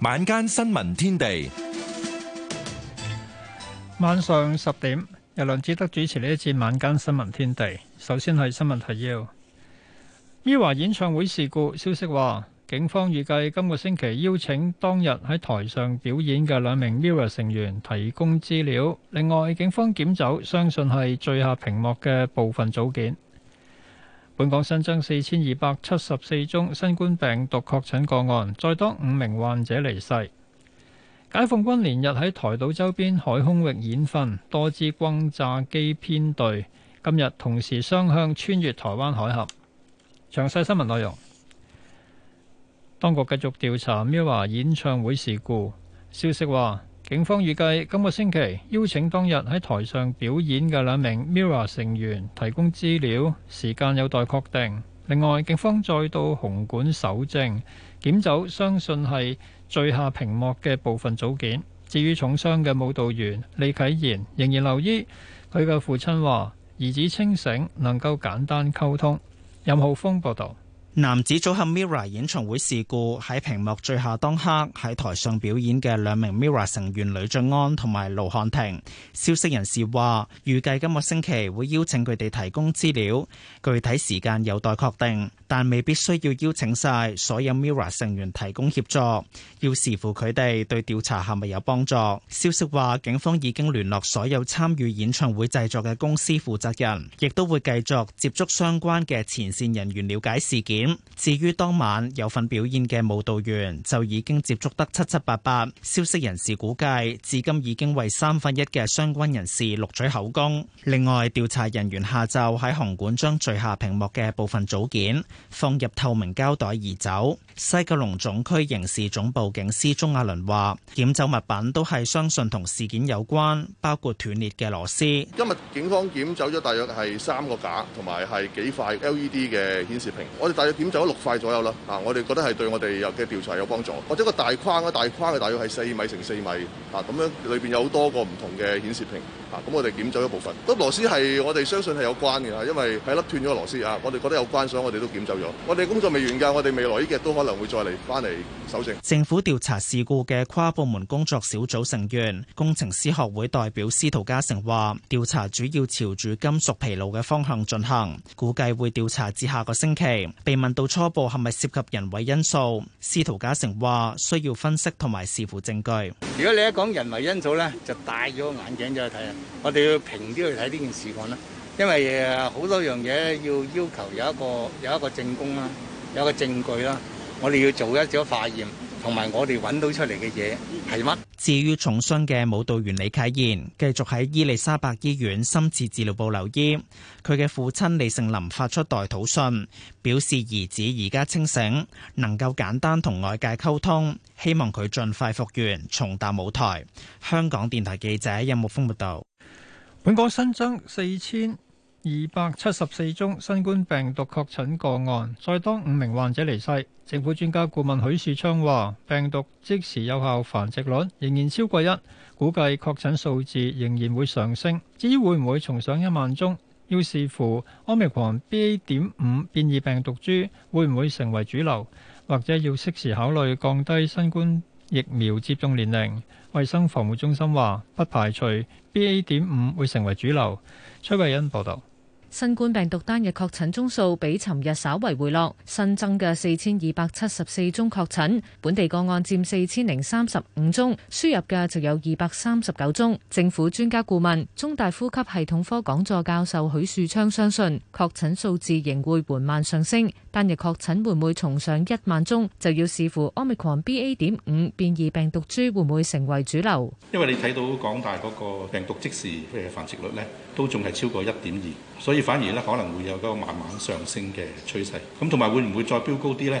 晚間新聞天地，晚上十點，由梁智德主持呢一次晚間新聞天地。首先係新聞提要，Mirror 演唱會事故消息話，警方預計今個星期邀請當日喺台上表演嘅兩名 Mirror 成員提供資料。另外，警方檢走相信係最下屏幕嘅部分組件。本港新增四千二百七十四宗新冠病毒確診個案，再多五名患者離世。解放軍連日喺台島周邊海空域演訓，多支轟炸機編隊，今日同時雙向穿越台灣海峽。詳細新聞內容，當局繼續調查 MIRROR 演唱會事故消息話。警方預計今個星期邀請當日喺台上表演嘅兩名 Mirror 成員提供資料，時間有待確定。另外，警方再到紅館搜證，檢走相信係墜下屏幕嘅部分組件。至於重傷嘅舞蹈員李啟賢仍然留醫，佢嘅父親話：兒子清醒，能夠簡單溝通。任浩峰報道。男子組合 MIRROR 演唱會事故喺屏幕墜下當刻，喺台上表演嘅兩名 MIRROR 成員呂爵安同埋盧瀚霆。消息人士話，預計今個星期會邀請佢哋提供資料，具體時間有待確定，但未必需要邀請晒所有 MIRROR 成員提供協助，要視乎佢哋對調查係咪有幫助。消息話，警方已經聯絡所有參與演唱會製作嘅公司負責人，亦都會繼續接觸相關嘅前線人員了解事件。至於當晚有份表演嘅舞蹈員，就已經接觸得七七八八。消息人士估計，至今已經為三分一嘅相關人士錄取口供。另外，調查人員下晝喺紅館將墜下屏幕嘅部分組件放入透明膠袋移走。西九龍總區刑事總部警司鐘亞倫話：檢走物品都係相信同事件有關，包括斷裂嘅螺絲。今日警方檢走咗大約係三個架，同埋係幾塊 LED 嘅顯示屏。我哋大點走咗六塊左右啦。啊，我哋覺得係對我哋嘅調查有幫助。或者個大框啊，大框嘅大約係四米乘四米。啊，咁樣裏邊有好多個唔同嘅顯示屏，啊，咁、嗯、我哋檢走一部分。粒、這個、螺絲係我哋相信係有關嘅啦，因為係甩斷咗個螺絲啊，我哋覺得有關，所以我哋都檢走咗。我哋工作未完㗎，我哋未來依日都可能會再嚟翻嚟搜證。政府調查事故嘅跨部門工作小組成員、工程師學會代表司徒家成話：，調查主要朝住金屬疲勞嘅方向進行，估計會調查至下個星期。被問到初步係咪涉及人為因素，司徒家成話：，需要分析同埋視乎證據。如果你一個講人為因素咧，就戴咗個眼鏡就去睇啊！我哋要平啲去睇呢件事案啦，因為好多樣嘢要要求有一個有一個證供啦，有一個證據啦，我哋要做一組化驗。同埋我哋揾到出嚟嘅嘢係乜？至於重傷嘅舞蹈員李啟言，繼續喺伊利沙伯醫院深切治療部留醫。佢嘅父親李盛林發出代禱信，表示兒子而家清醒，能夠簡單同外界溝通，希望佢盡快復原，重踏舞台。香港電台記者任木峰報道。本港新增四千。二百七十四宗新冠病毒確診個案，再多五名患者離世。政府專家顧問許樹昌話：病毒即時有效繁殖率仍然超過一，估計確診數字仍然會上升。至於會唔會重上一萬宗，要視乎 Omicron B A. 點五變異病毒株會唔會成為主流，或者要適時考慮降低新冠疫苗接種年齡。衛生防護中心話，不排除 B A. 點五會成為主流。崔慧欣報道。新冠病毒單日確診宗數比尋日稍為回落，新增嘅四千二百七十四宗確診，本地個案占四千零三十五宗，輸入嘅就有二百三十九宗。政府專家顧問、中大呼吸系統科講座教授許樹昌相信，確診數字仍會緩慢上升，單日確診會唔會重上一萬宗，就要視乎 Omicron BA. 點五變異病毒株會唔會成為主流。因為你睇到港大嗰個病毒即時嘅繁殖率咧，都仲係超過一點二。所以反而呢，可能會有一個慢慢上升嘅趨勢，咁同埋會唔會再飆高啲呢？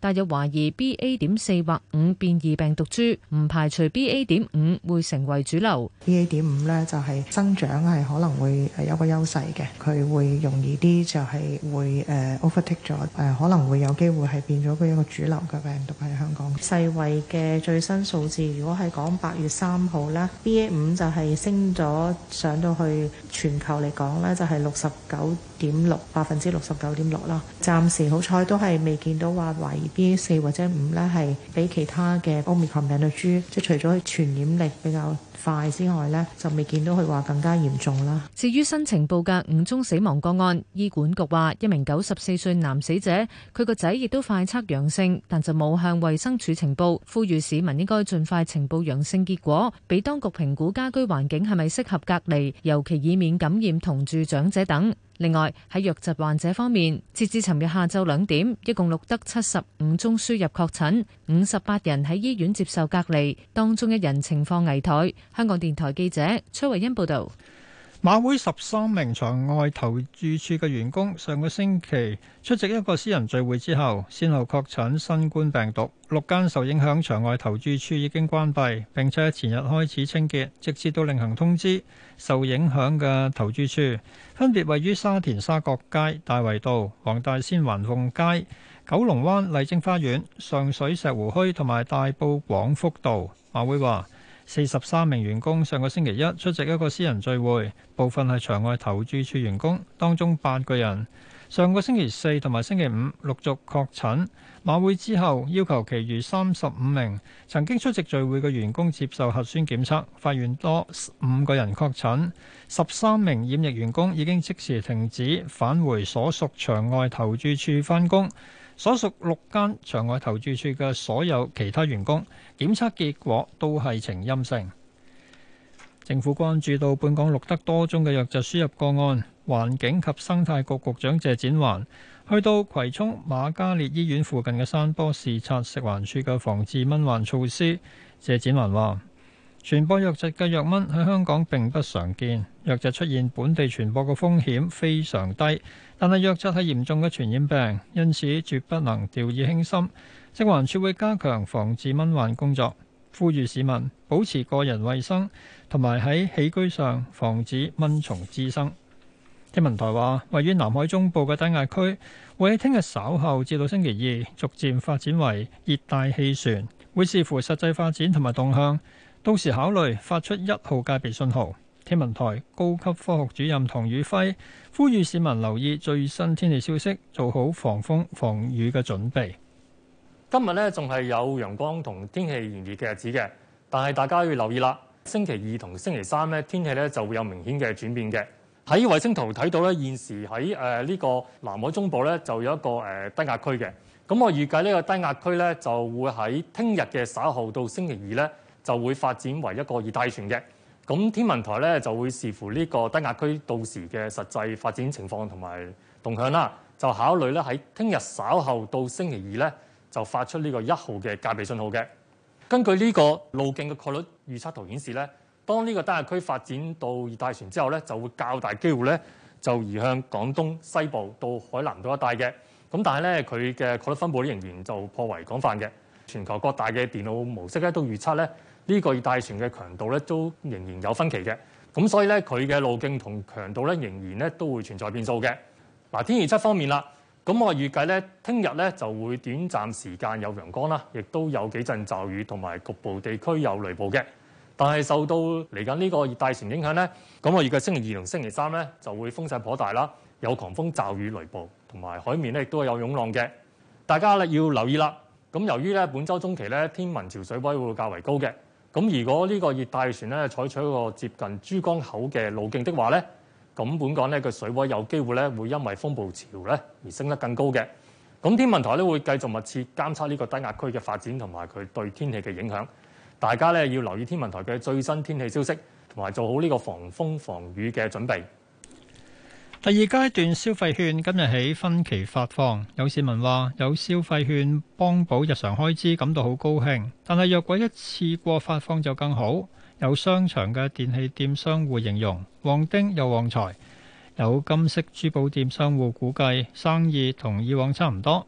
但有懷疑 BA. 點四或五變異病毒株，唔排除 BA. 點五會成為主流。BA. 點五咧就係增長係可能會有個優勢嘅，佢會容易啲就係會誒 overtake 咗，誒可能會有機會係變咗佢一個主流嘅病毒喺香港。世衞嘅最新數字，如果係講八月三號啦，BA. 五就係升咗上到去全球嚟講咧，就係六十九點六，百分之六十九點六啦。暫時好彩都係未見到話懷疑。B 四或者五咧，係比其他嘅 Omicron 病毒株，即係除咗傳染力比較快之外咧，就未見到佢話更加嚴重啦。至於新呈報嘅五宗死亡個案，醫管局話一名九十四歲男死者，佢個仔亦都快測陽性，但就冇向衛生署呈報，呼籲市民應該盡快呈報陽性結果，俾當局評估家居環境係咪適合隔離，尤其以免感染同住長者等。另外，喺藥疾患者方面，截至尋日下晝兩點，一共錄得七十五宗輸入確診，五十八人喺醫院接受隔離，當中一人情況危殆。香港電台記者崔慧欣報導。馬會十三名場外投注處嘅員工上個星期出席一個私人聚會之後，先後確診新冠病毒。六間受影響場外投注處已經關閉，並且前日開始清潔，直至到另行通知受影響嘅投注處，分別位於沙田沙角街、大圍道、黃大仙環鳳街、九龍灣麗晶花園、上水石湖墟同埋大埔廣福道。馬會話。四十三名員工上個星期一出席一個私人聚會，部分係場外投注處員工，當中八個人上個星期四同埋星期五陸續確診。馬會之後要求其餘三十五名曾經出席聚會嘅員工接受核酸檢測，發現多五個人確診，十三名染疫員工已經即時停止返回所屬場外投注處返工。所屬六間場外投注處嘅所有其他員工檢測結果都係呈陰性。政府關注到本港錄得多宗嘅瘧疾輸入個案，環境及生態局局長謝展環去到葵涌瑪嘉烈醫院附近嘅山坡視察食環署嘅防治蚊患措施。謝展環話。傳播瘧疾嘅瘧蚊喺香港並不常見，瘧疾出現本地傳播嘅風險非常低。但係瘧疾係嚴重嘅傳染病，因此絕不能掉以輕心。食環署會加強防治蚊患工作，呼籲市民保持個人衛生，同埋喺起居上防止蚊蟲滋生。天文台話，位於南海中部嘅低壓區會喺聽日稍後至到星期二逐漸發展為熱帶氣旋，會視乎實際發展同埋動向。到時考慮發出一號戒備信號。天文台高級科學主任唐宇輝呼籲市民留意最新天氣消息，做好防風防雨嘅準備。今日咧仲係有陽光同天氣炎熱嘅日子嘅，但係大家要留意啦。星期二同星期三呢，天氣呢就會有明顯嘅轉變嘅。喺衛星圖睇到呢現時喺誒呢個南海中部呢，就有一個誒、呃、低壓區嘅。咁我預計呢個低壓區呢，就會喺聽日嘅稍後到星期二呢。就會發展為一個熱帶氣旋嘅，咁天文台咧就會視乎呢個低壓區到時嘅實際發展情況同埋動向啦，就考慮咧喺聽日稍後到星期二咧就發出呢個一號嘅戒備信號嘅。根據呢個路徑嘅概率預測圖顯示咧，當呢個低壓區發展到熱帶氣旋之後咧，就會較大機會咧就移向廣東西部到海南島一帶嘅。咁但係咧佢嘅概率分布仍然就頗為廣泛嘅。全球各大嘅電腦模式咧都預測咧。個帶呢個熱帶船嘅強度咧都仍然有分歧嘅，咁所以咧佢嘅路徑同強度咧仍然咧都會存在變數嘅。嗱，天氣質方面啦，咁我預計咧聽日咧就會短暫時間有陽光啦，亦都有幾陣驟雨同埋局部地區有雷暴嘅。但係受到嚟緊呢個熱帶船影響咧，咁我預計星期二同星期三咧就會風勢頗大啦，有狂風驟雨雷暴同埋海面咧亦都有湧浪嘅。大家咧要留意啦。咁由於咧本週中期咧天文潮水位會較為高嘅。咁如果呢個熱帶船咧採取一個接近珠江口嘅路徑的話咧，咁本港咧個水位有機會咧會因為風暴潮咧而升得更高嘅。咁天文台咧會繼續密切監測呢個低壓區嘅發展同埋佢對天氣嘅影響，大家咧要留意天文台嘅最新天氣消息，同埋做好呢個防風防雨嘅準備。第二階段消費券今日起分期發放，有市民話有消費券幫補日常開支感到好高興，但係若果一次過發放就更好。有商場嘅電器店商戶形容旺丁又旺財，有金飾珠寶店商戶估計生意同以往差唔多。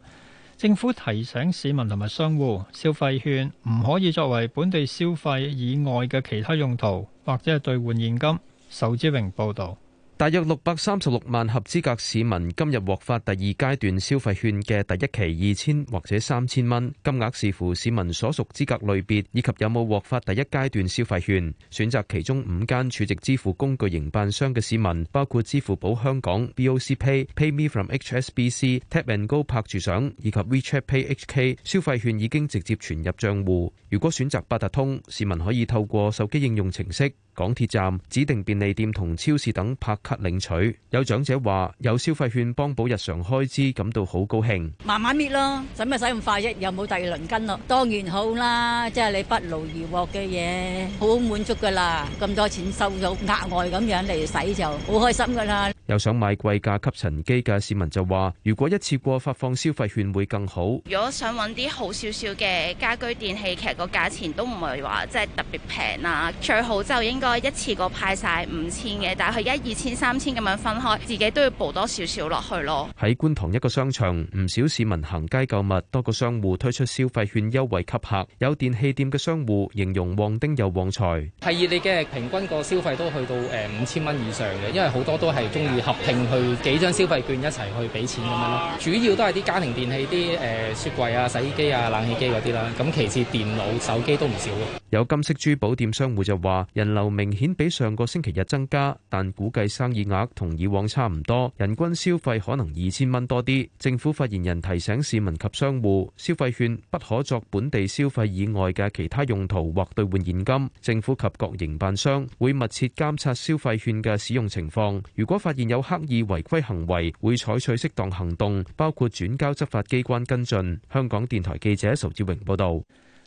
政府提醒市民同埋商戶，消費券唔可以作為本地消費以外嘅其他用途，或者係兌換現金。仇志榮報導。大約六百三十六萬合資格市民今日獲發第二階段消費券嘅第一期二千或者三千蚊，金額視乎市民所屬資格類別以及有冇獲發第一階段消費券。選擇其中五間儲值支付工具營辦商嘅市民，包括支付寶香港、B O C Pay、Pay Me From H S B C、Tap and Go 拍住相，以及 WeChat Pay H K，消費券已經直接存入賬戶。如果選擇八達通，市民可以透過手機應用程式。港鐵站、指定便利店同超市等拍卡領取。有長者話：有消費券幫補日常開支，感到好高興。慢慢搣咯，使咪使咁快啫？又冇第二輪跟咯。當然好啦，即係你不勞而獲嘅嘢，好滿足噶啦。咁多錢收到額外咁樣嚟使，就好開心噶啦。有想買貴價吸塵機嘅市民就話：如果一次過發放消費券會更好。如果想揾啲好少少嘅家居電器，其實個價錢都唔係話即係特別平啦。最好就應該一次過派晒五千嘅，但係佢一二千、三千咁樣分開，自己都要補多少少落去咯。喺觀塘一個商場，唔少市民行街購物，多個商戶推出消費券優惠吸客。有電器店嘅商戶形容旺丁又旺財，係二、你嘅平均個消費都去到誒五千蚊以上嘅，因為好多都係中意。合併去幾張消費券一齊去俾錢咁樣咯，主要都係啲家庭電器，啲誒雪櫃啊、洗衣機啊、冷氣機嗰啲啦。咁其次電腦、手機都唔少。有金飾珠寶店商戶就話：人流明顯比上個星期日增加，但估計生意額同以往差唔多，人均消費可能二千蚊多啲。政府發言人提醒市民及商戶，消費券不可作本地消費以外嘅其他用途或兌換現金。政府及各營辦商會密切監察消費券嘅使用情況，如果發現，有刻意違規行為，會採取適當行動，包括轉交執法機關跟進。香港電台記者曹志榮報道。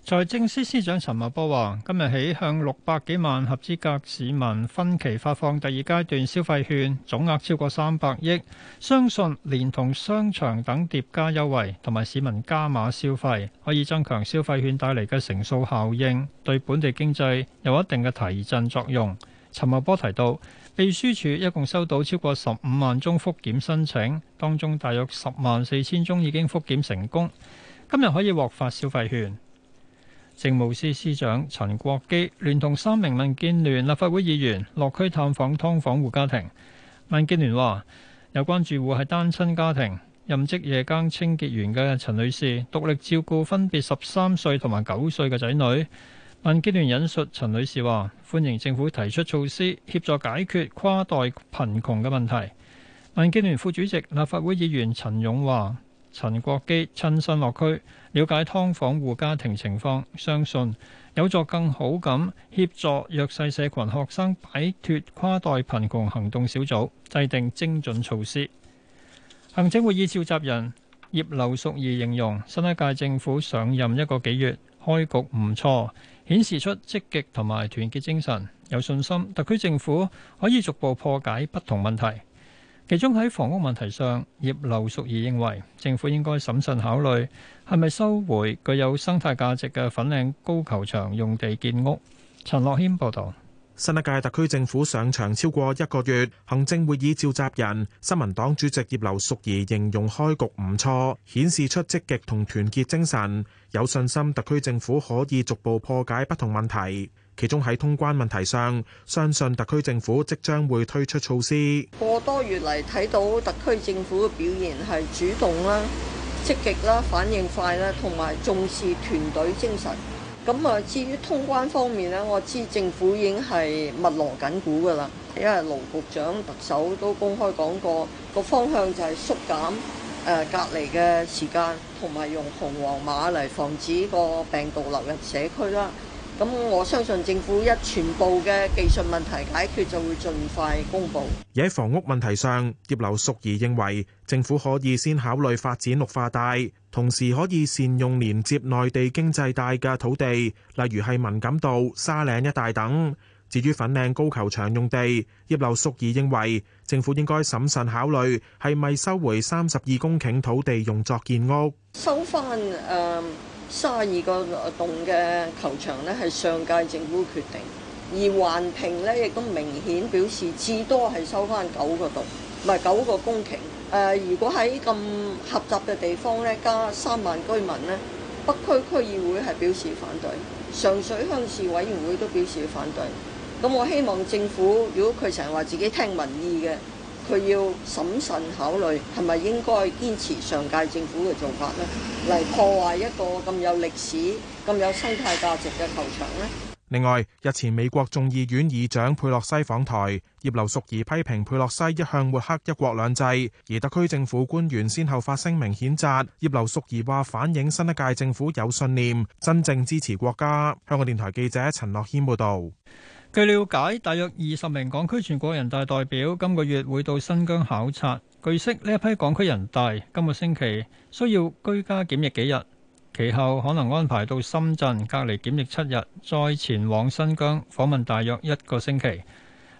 財政司司長陳茂波話，今日起向六百幾萬合資格市民分期發放第二階段消費券，總額超過三百億，相信連同商場等疊加優惠，同埋市民加碼消費可以增強消費券帶嚟嘅乘數效應，對本地經濟有一定嘅提振作用。陳茂波提到。秘書處一共收到超過十五萬宗復檢申請，當中大約十萬四千宗已經復檢成功。今日可以獲發消費券。政務司司長陳國基聯同三名民建聯立法會議員落區探訪劏房戶家庭。民建聯話，有關住戶係單親家庭，任職夜間清潔員嘅陳女士，獨力照顧分別十三歲同埋九歲嘅仔女。民建聯引述陳女士話：歡迎政府提出措施協助解決跨代貧窮嘅問題。民建聯副主席、立法會議員陳勇話：陳國基親身落區了解劏房戶家庭情況，相信有助更好咁協助弱勢社群學生擺脱跨代貧窮行動小組制定精準措施。行政會議召集人葉劉淑儀形容新一屆政府上任一個幾月，開局唔錯。顯示出積極同埋團結精神，有信心特區政府可以逐步破解不同問題。其中喺房屋問題上，葉劉淑儀認為政府應該審慎考慮係咪收回具有生態價值嘅粉嶺高球場用地建屋。陳樂軒報導。新一屆特區政府上場超過一個月，行政會議召集人、新民黨主席葉劉淑儀形容開局唔錯，顯示出積極同團結精神，有信心特區政府可以逐步破解不同問題。其中喺通關問題上，相信特區政府即將會推出措施。個多月嚟睇到特區政府嘅表現係主動啦、積極啦、反應快啦，同埋重視團隊精神。咁啊，至於通關方面咧，我知政府已經係密鑼緊鼓噶啦，因為盧局長、特首都公開講過，個方向就係縮減誒隔離嘅時間，同埋用紅黃碼嚟防止個病毒流入社區啦。咁我相信政府一全部嘅技術問題解決就會盡快公布。而喺房屋問題上，葉劉淑儀認為政府可以先考慮發展綠化帶。同時可以善用連接內地經濟帶嘅土地，例如係文錦渡、沙嶺一帶等。至於粉嶺高球場用地，葉劉淑儀認為政府應該審慎考慮係咪收回三十二公頃土地用作建屋。收翻誒三十二個洞嘅球場咧，係上屆政府決定，而環評咧亦都明顯表示，至多係收翻九個洞，唔係九個公頃。誒、呃，如果喺咁狹窄嘅地方咧，加三萬居民咧，北區區議會係表示反對，上水鄉事委員會都表示反對。咁我希望政府，如果佢成日話自己聽民意嘅，佢要審慎考慮係咪應該堅持上屆政府嘅做法咧，嚟破壞一個咁有歷史、咁有生態價值嘅球場咧？另外，日前美國眾議院議長佩洛西訪台，葉劉淑儀批評佩洛西一向抹黑一國兩制，而特區政府官員先後發聲明譴責。葉劉淑儀話反映新一屆政府有信念，真正支持國家。香港電台記者陳樂謙報導。據了解，大約二十名港區全國人大代表今個月會到新疆考察。據悉，呢一批港區人大今個星期需要居家檢疫幾日。其後可能安排到深圳隔離檢疫七日，再前往新疆訪問大約一個星期。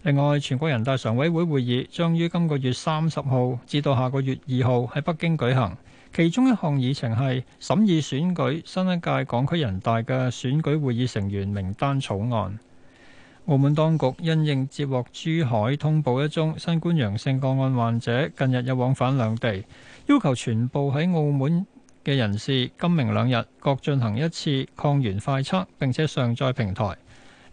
另外，全國人大常委會會議將於今個月三十號至到下個月二號喺北京舉行，其中一項議程係審議選舉新一屆港區人大嘅選舉會議成員名單草案。澳門當局因應接獲珠海通報一宗新冠陽性個案患者，近日又往返兩地，要求全部喺澳門嘅人士今明兩日各進行一次抗原快測，並且上載平台。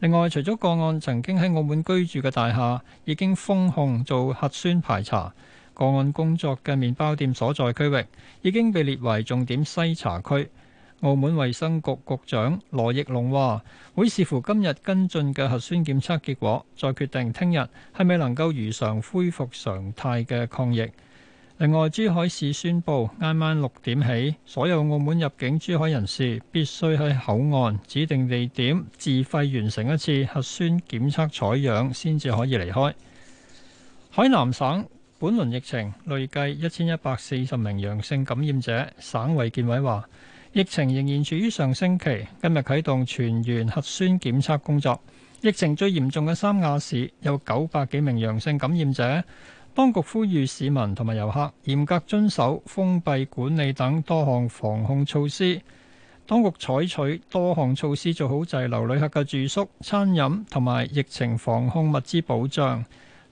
另外，除咗個案曾經喺澳門居住嘅大廈已經封控做核酸排查，個案工作嘅麵包店所在區域已經被列為重點篩查區。澳門衛生局局長羅奕龍話：會視乎今日跟進嘅核酸檢測結果，再決定聽日係咪能夠如常恢復常態嘅抗疫。另外，珠海市宣布，啱啱六點起，所有澳門入境珠海人士必須喺口岸指定地點自費完成一次核酸檢測採樣，先至可以離開。海南省本輪疫情累計一千一百四十名陽性感染者，省衛健委話疫情仍然處於上升期，今日啟動全員核酸檢測工作。疫情最嚴重嘅三亞市有九百幾名陽性感染者。當局呼籲市民同埋遊客嚴格遵守封閉管理等多項防控措施。當局採取多項措施做好滯留旅客嘅住宿、餐飲同埋疫情防控物資保障。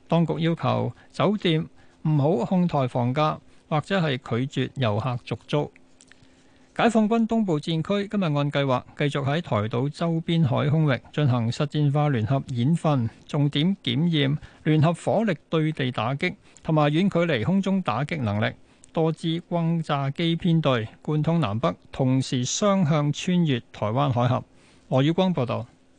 當局要求酒店唔好哄抬房價，或者係拒絕遊客續租。解放軍東部戰區今日按計劃繼續喺台島周邊海空域進行實戰化聯合演訓，重點檢驗聯合火力對地打擊同埋遠距離空中打擊能力。多支轟炸機編隊貫通南北，同時雙向穿越台灣海峽。俄耀光報道。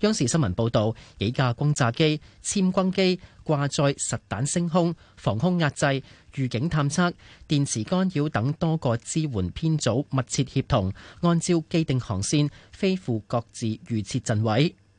央視新聞報道，幾架轟炸機、殲轟機掛載實彈升空，防空壓制、預警探測、電磁干擾等多個支援編組密切協同，按照既定航線飛赴各自預設陣位。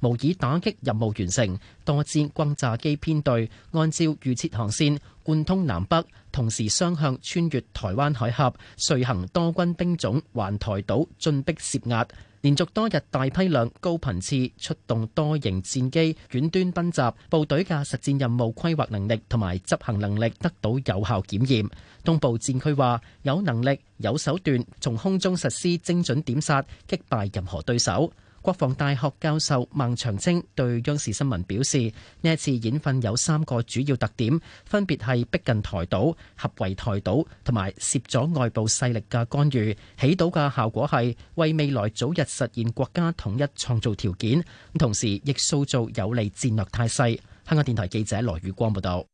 模擬打擊任務完成，多支轟炸機編隊按照預設航線貫通南北，同時雙向穿越台灣海峽，遂行多軍兵種環台島進逼施壓。連續多日大批量高頻、高頻次出動多型戰機，遠端奔襲，部隊嘅實戰任務規劃能力同埋執行能力得到有效檢驗。東部戰區話：有能力、有手段，從空中實施精準點殺，擊敗任何對手。國防大學教授孟祥青對央視新聞表示：呢一次演訓有三個主要特點，分別係逼近台島、合圍台島同埋涉咗外部勢力嘅干預，起到嘅效果係為未來早日實現國家統一創造條件，咁同時亦塑造有利戰略態勢。香港電台記者羅宇光報道。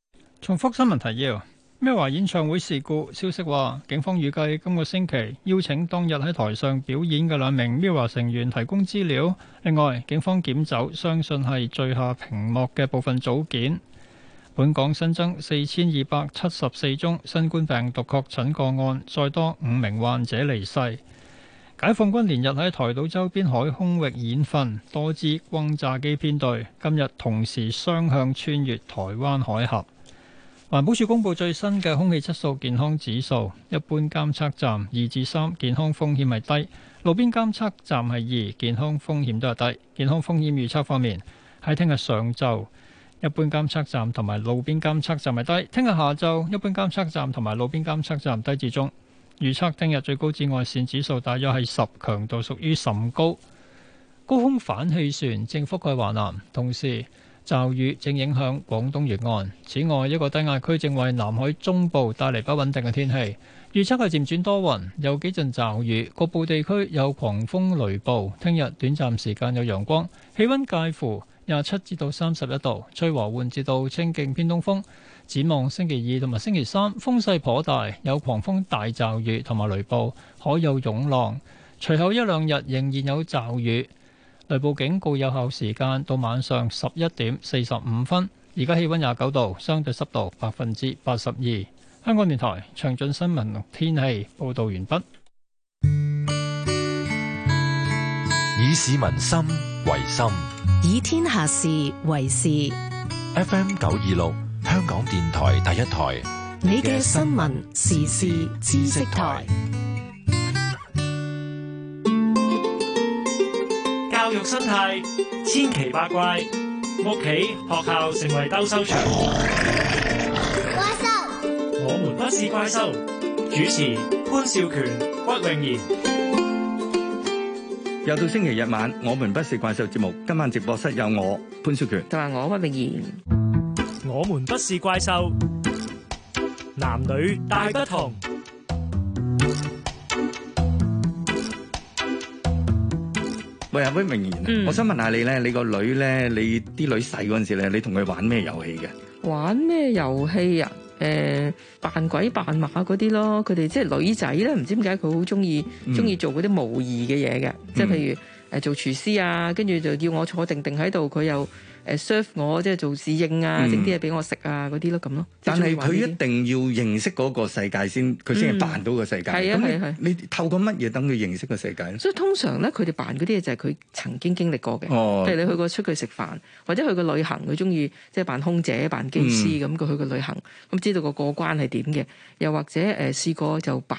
重複新聞提要。MIRROR 演唱會事故消息話，警方預計今個星期邀請當日喺台上表演嘅兩名 MIRROR 成員提供資料。另外，警方檢走相信係墜下屏幕嘅部分組件。本港新增四千二百七十四宗新冠病毒確診個案，再多五名患者離世。解放軍連日喺台島周邊海空域演訓，多支轟炸機編隊今日同時雙向穿越台灣海峽。環保署公布最新嘅空氣質素健康指數，一般監測站二至三，健康風險係低；路邊監測站係二，健康風險都係低。健康風險預測方面，喺聽日上晝，一般監測站同埋路邊監測站係低；聽日下晝，一般監測站同埋路邊監測站低至中。預測聽日最高紫外線指數大約係十，強度屬於甚高。高空反氣旋正覆蓋華南，同時，驟雨正影響廣東沿岸，此外一個低壓區正為南海中部帶嚟不穩定嘅天氣，預測係漸轉多雲，有幾陣驟雨，局部地區有狂風雷暴。聽日短暫時間有陽光，氣溫介乎廿七至到三十一度，吹和緩至到清勁偏東風。展望星期二同埋星期三，風勢頗大，有狂風大驟雨同埋雷暴，可有湧浪。隨後一兩日仍然有驟雨。雷暴警告有效時間到晚上十一點四十五分。而家氣溫廿九度，相對濕度百分之八十二。香港電台詳盡新聞天氣報道完畢。以市民心為心，以天下事為事。FM 九二六，香港電台第一台，你嘅新聞時事知識台。教育生態千奇百怪，屋企學校成為鬥獸場。怪獸，我們不是怪獸。主持潘少權、屈穎妍。又到星期日晚，我們不是怪獸節目，今晚直播室有我潘少權同埋我屈穎妍。我們不是怪獸，男女大不同。喂，威明賢，嗯、我想問下你咧，你個女咧，你啲女細嗰陣時咧，你同佢玩咩遊戲嘅？玩咩遊戲啊？誒、呃，扮鬼扮馬嗰啲咯，佢哋即係女仔咧，唔知點解佢好中意，中意、嗯、做嗰啲模擬嘅嘢嘅，即係譬如誒、呃、做廚師啊，跟住就叫我坐定定喺度，佢又～誒 serve 我即係做侍應啊，整啲嘢俾我食啊，嗰啲咯咁咯。但係佢一定要認識嗰個世界先，佢先扮到個世界。係啊，係你透過乜嘢等佢認識個世界？所以通常咧，佢哋扮嗰啲嘢就係佢曾經經歷過嘅。譬如你去過出去食飯，或者去過旅行，佢中意即係扮空姐、扮機師咁。佢去過旅行，咁知道個過關係點嘅。又或者誒試過就扮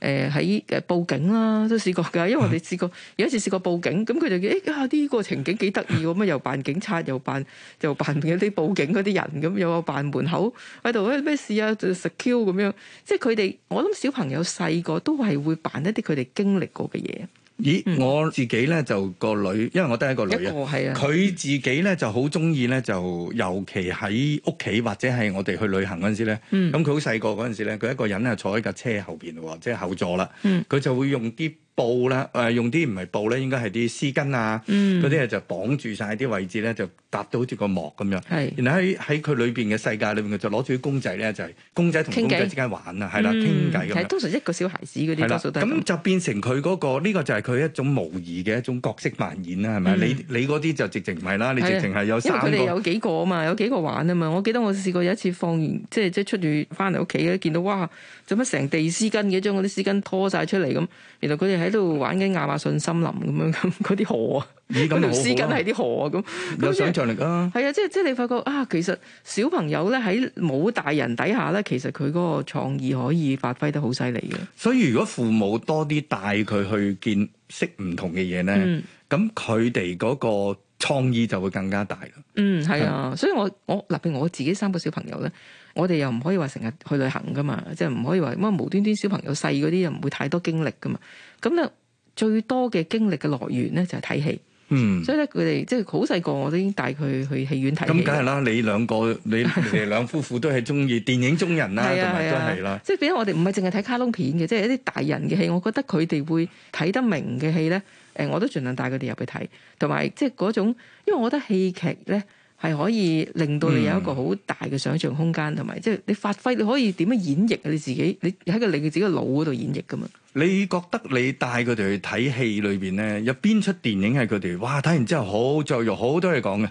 誒喺誒報警啦，都試過㗎。因為我哋試過有一次試過報警，咁佢就誒啊！呢個情景幾得意㗎，又扮警察又～就扮就扮嗰啲報警嗰啲人咁，有個扮門口喺度咩事啊？就食 Q 咁樣，即係佢哋，我諗小朋友細個都係會扮一啲佢哋經歷過嘅嘢。咦，我自己咧就個女，因為我都係一個女啊，係啊，佢自己咧就好中意咧，就尤其喺屋企或者係我哋去旅行嗰陣時咧，咁佢好細個嗰陣時咧，佢一個人咧坐喺架車後邊喎，即係後座啦，佢就會用啲。布啦，誒、呃、用啲唔係布咧，應該係啲絲巾啊，嗰啲嘢就綁住晒啲位置咧，就搭到好似個膜咁樣。係是，然後喺喺佢裏邊嘅世界裏邊，佢就攞住啲公仔咧，就係、是、公仔同公仔之間玩啊，係啦天，傾偈係，通常一個小孩子嗰啲咁就變成佢嗰、那個呢、這個就係佢一種模擬嘅一種角色扮演、嗯、啦，係咪的？你你嗰啲就直情唔係啦，你直情係有三個。因為你有幾個啊嘛，有幾個玩啊嘛，我記得我試過有一次放完，即係即係出住翻嚟屋企咧，見到哇，做乜成地絲巾嘅，將嗰啲絲巾拖晒出嚟咁，原來佢哋係。喺度玩緊亞馬遜森林咁樣咁，嗰 啲些河啊，咁 條絲巾係啲河啊咁， 有想像力啊，係啊，即係即係你發覺啊，其實小朋友咧喺冇大人底下咧，其實佢嗰個創意可以發揮得好犀利嘅。所以如果父母多啲帶佢去見識唔同嘅嘢咧，咁佢哋嗰個。創意就會更加大咯。嗯，係啊，所以我我，嗱，譬如我自己三個小朋友咧，我哋又唔可以話成日去旅行噶嘛，即係唔可以話咁啊，無端端小朋友細嗰啲又唔會太多經歷噶嘛。咁咧，最多嘅經歷嘅來源咧就係睇戲。嗯， 所以咧佢哋即係好細個我都已經帶佢去戲院睇戲。咁梗係啦，你兩個你你兩夫婦都係中意電影中人啦，啊，同埋都係啦。 即係變咗我哋唔係淨係睇卡通片嘅，即係一啲大人嘅戲，我覺得佢哋會睇得明嘅戲咧。誒，我都盡量帶佢哋入去睇，同埋即係嗰種，因為我覺得戲劇咧，係可以令到你有一個好大嘅想像空間同埋，即係、嗯、你發揮，你可以點樣演繹啊你自己？你喺個你自己個腦嗰度演繹噶嘛？你覺得你帶佢哋去睇戲裏邊咧，有邊出電影係佢哋哇睇完之後好著入，好多嘢講嘅？誒、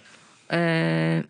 呃。